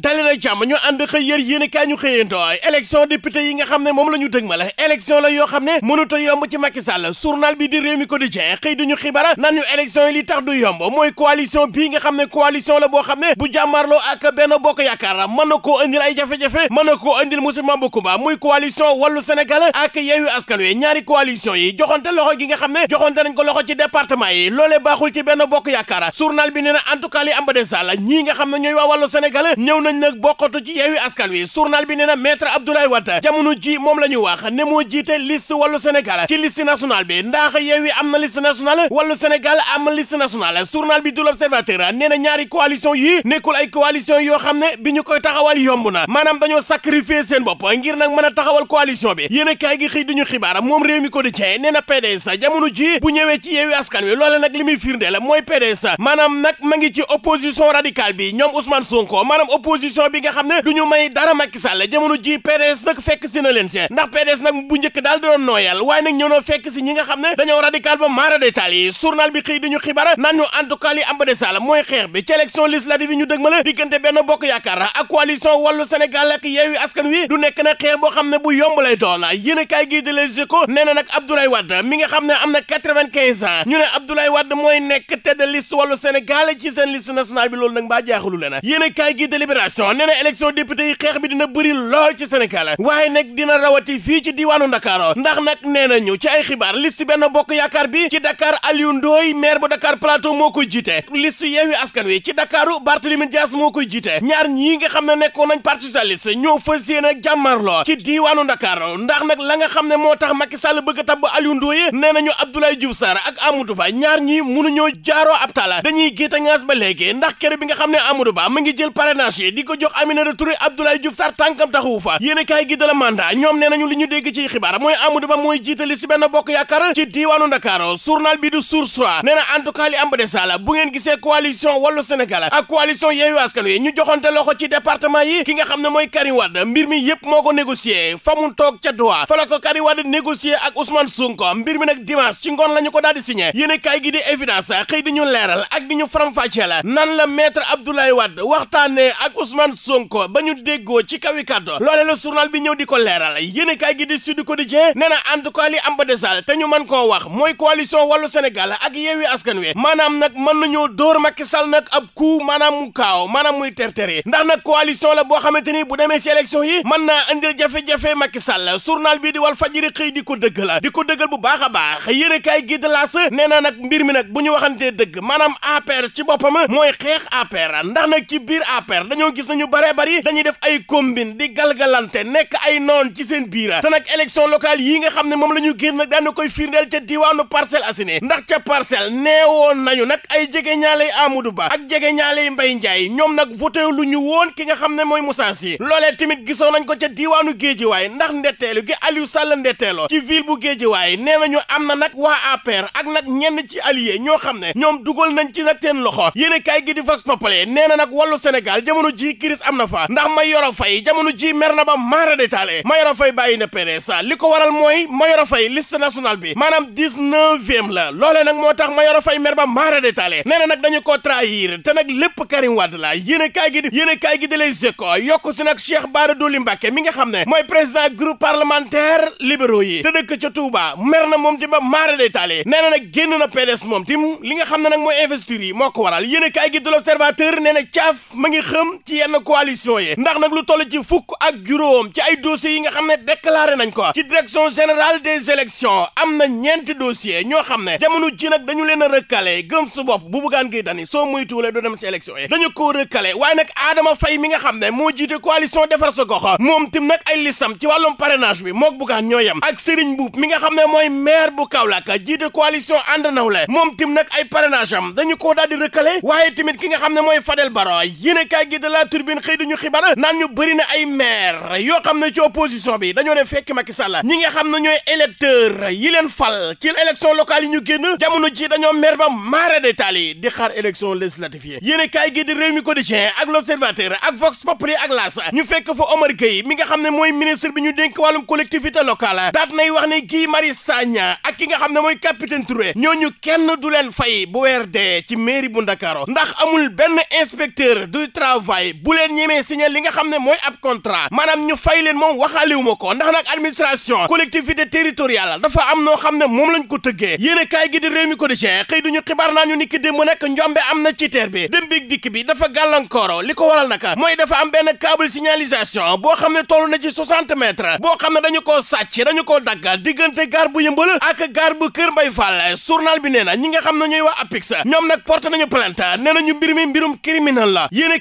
dali na jàmm ñu ànd xëy yër yéen kaay ñu xëyantooy élection député yi nga xam ne moom la ñu dëg ma la élection la yoo xam ne mënut a yomb ci Macky Sall bi di Rewmi Quotidien xëy duñu xibara nan ñu yi li tax du yomb mooy coalition bii nga xam ne coalition la boo xam ne bu jàmmarloo ak benn bokk yaakaar mën na ko indil ay jafe-jafe mën na koo indil Moussa Bocoumba muy coalition wàllu Sénégal ak Yewwi Askan Wi ñaari coalition yi gi nga xam ne joxante nañ ko loxo ci département yi loolee nga xam ne ñooy waa wàllu Sénégal ñëw nañ na maître Abdoulaye Wade jamono ji moom la ñuy wax ne moo jiite liste wàllu Sénégal ci liste nationale bi ndax yeewi am na liste nationale wàllu Sénégal am na liste nationale bi du l'Observateur nee na ñaari coalition yi nekkul ay coalition yoo xam ne bi ñu koy taxawal yomb na maanaam dañoo sacrifier seen bopp ngir nag mën a taxawal coalition bi yéen a kaay gi xëy xibaar moom réew mi ko di cee nee na PDS jamono ji bu ñëwee ci yeewi askan wi loole nag li muy firnde la mooy PDS nag ma ngi ci opposition radicale bi ñoom Ousmane Sonko maanaam opposition bi nga xam ne du ñu may dara Macky Sall jamono ji PDS nag fekk si na leen si ndax PDS nag bu njëkk daal da doon nooyal waaye nag ñëw na fekk si ñi nga xam ne dañoo radical ba maara détail yi journal bi xëy dañu xibaar naan ñu en tout cas li am ba de Sall mooy xeex bi ci élection législative yi ñu dëgmale diggante benn bokk yaakaar ak ak yeewi askan wi du nekk na xeex xam ne bu yomb lay doon yéen kaay gii di Les Échos nee na nag Abdoulaye Wade mi nga xam ne am na quatre-vingt-quinze ans ñu ne Abdoulaye Wade mooy nekk tête de liste wàllu Sénégal ci seen liste nationale bi loolu nag mbaa jaaxalu leen a kaay gii Libération nee na élection député yi xeex bi dina bëri lool ci Sénégal waaye nag dina rawati fii ci diiwaanu ndakaaroo ndax nag nee nañu ci ay xibaar liste benn bokk yaakaar bi ci Dakar Aliou Ndoye maire bu Dakar Plateau moo koy jiite liste Yewwi Askan Wi ci Dakaru Barthélémy Dias moo koy jiite ñaar ñii nga xam ne nekkoon nañ parti socialiste ñoo fas yéene jàmmarloo ci diiwaanu Ndakaaro ndax nag la nga xam ne moo tax Macky Sall bëgg a tabb Aliou Ndoye nee nañu Abdoulaye Diouf Sarr ak Amadou Ba ñaar ñii mënuñoo jaaroo ab tala dañuy géete ngaas ba léegi ndax kër bi nga xam ne Amadou Ba mu ngi jël parrainage yi di ko jox Aminata Touré Abdoulaye Diouf Sarr tànkam taxawu fa yéene kaay gi da la mandat ñoom nee nañu li ñu dégg ci xibaar mooy Amadou Ba mooy jiitali si bokk yaakaar ci diiwaanu Ndakaaru journal bi du Source A nee na en gisee coalition Wallu Sénégal ak coalition Yewwi Askan Wi ñu joxante loxo ci département yi ki nga xam ne mooy Karim Wade mbir mi yëpp moo ko négocié fa mu toog ca Doha fa la ko Karim Wade négocié ak Ousmane mbir mi nag dimanche ci ngoon la ko daal di signé yéene kaay gi nan la maître Abdoulaye Ousmane Sonko ba ñu déggoo ci kawi kàddu loole la journal bi ñëw di ko leeral yéenekaay gi di Sud Quotidien nee na en tout cas li am ba desal te ñu mën koo wax mooy coalition wàllu Sénégal ak Yewwi Askan Wi maanaam nag mën nañoo dóor Macky Sall nag ab coup maanaam mu kaaw maanaam muy tertere ndax nag coalition la boo xamante ni bu demee ci élection yi mën naa indil jafe-jafe Macky Sall journal bi di Walf Fadjri xëy di ko la di ko dëggal bu baax a baax yéenekaay gi di L'As nee na nag mbir mi nag bu ñu waxantee dëgg maanaam APR ci boppam mooy xeex APR ndax nag ci ñoom gis nañu bare bari dañuy def ay combine di galgalante nekk ay noon ci seen biira te nag élection locale yi nga xam ne moom la ñu génn nag daan na koy firndeel ca diwaanu Parcelles Assainies ndax ca Parcelles woon nañu nag ay jege ñaale Amadou Ba ak jege ñaale Mbaye Ndiaye ñoom nag voté lu ñu woon ki nga xam ne mooy Moussa loole loolee tamit gisoon nañ ko ca diwaanu Géejawaay ndax ndetteelu gi Aliou Sall ndetteeloo ci ville bu Géejawaay nee nañu am na nag waa APR ak nag ñenn ci allié ñoo xam ne ñoom dugal nañ ci nag seen loxo yéen a kaay nee na nag wàllu Sénégal jamono ji crise am na fa ndax Mayoro Faye jamono ji mer na ba maara détaale Mayoro Faye bàyyi na PDS li ko waral mooy ma Faye liste nationale bi maanaam dix-neuvième la loolee nag moo tax ma Faye mer ba maara détaale nee na nag dañu ko trahir te nag lépp Karim Wade la yéen a kaay gi yéen a kaay gi de Les Échos yokk si nag Cheikh Bara Dolly Mbacké mi nga xam ne mooy président groupe parlementaire libéraux yi te dëkk ca Touba mer na moom ci ba maara détaale nee na génn na PDS moom tim li nga xam ne nag mooy investiture yi moo ko waral yéen a kaay gi de L'Observateur ci yenn coalition yi ndax nag lu toll ci fukk ak juróom ci ay dossiers yi nga xam ne déclaré nañ ko ci direction générale des élections am na ñeenti dossiers ñoo xam ne jamono ji nag dañu leen a rëkkale gëm su bopp bu buggaan ngay dani soo muy tuulee doo dem si élections yi dañu koo rëkkale waaye nag Adama Faye mi nga xam ne moo jiite coalition defar sa gox moom tim nag ay listam ci wàllum parrainage bi moo buggaan ñoo ak Serigne Mboup mi nga xam ne mooy maire bu Kaolack jiite coalition ànd nawle moom tim nag ay parrainage am dañu koo daal di rëkkale waaye tamit ki nga xam ne mooy Fadel Baro la turbine xëy duñu xibaar naan ñu bëri na ay maire yoo xam ne ci opposition bi dañoo ne fekk Macky Sall ñi nga xam ne ñooy électeur yi leen fal ñu génn jamono ji dañoo maire ba maara détaal yi di xaar élection législative yi yéen kaay gi di réew mi quotidien ak l'observateur ak Vox Populi ak L'As ñu fekk fa Omar Gueye mi nga xam ne mooy ministre bi ñu dénk wàllum collectivité locale daat nay wax ne Guy Marius Sagna ak ki nga xam ne mooy capitaine ñoo ñooñu kenn du leen fay bu weer dee ci mairie bu Ndakaaru ndax amul benn inspecteur du travail yi bu leen ñemee signé li nga xam ne mooy ab contrat maanaam ñu fay leen moom waxaaliwu ma ko ndax nag administration collectivité territoriale dafa am noo xam ne moom lañ ko tëggee yéen a kaay gi di mi ko di cee xëy duñu xibaar naa ñu ni ki démb nag njombe am na ci teer bi dem bi dikk bi dafa gàllankooro li ko waral nag mooy dafa am benn câble signalisation boo xam ne toll na ci 60 mètres boo xam ne dañu koo sàcc dañu koo daggal diggante gaar bu yëmbal ak gaar bu kër mbay fàll journal bi nee na ñi nga xam ne ñooy waa APIX ñoom nag porte nañu plainte nee nañu mbir mi mbirum criminel la yéen a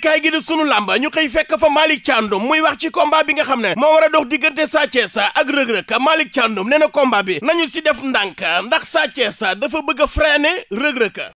sunu làmba ñu xëy fekk fa Malick Thiandoum muy wax ci combat bi nga xam ne moo war a dox diggante Sa Thiès ak rëg-rëg Malick Thiandoum nee na combat bi nañu si def ndànk ndax Sa Thiès dafa bëgg a freiner rëg-rëg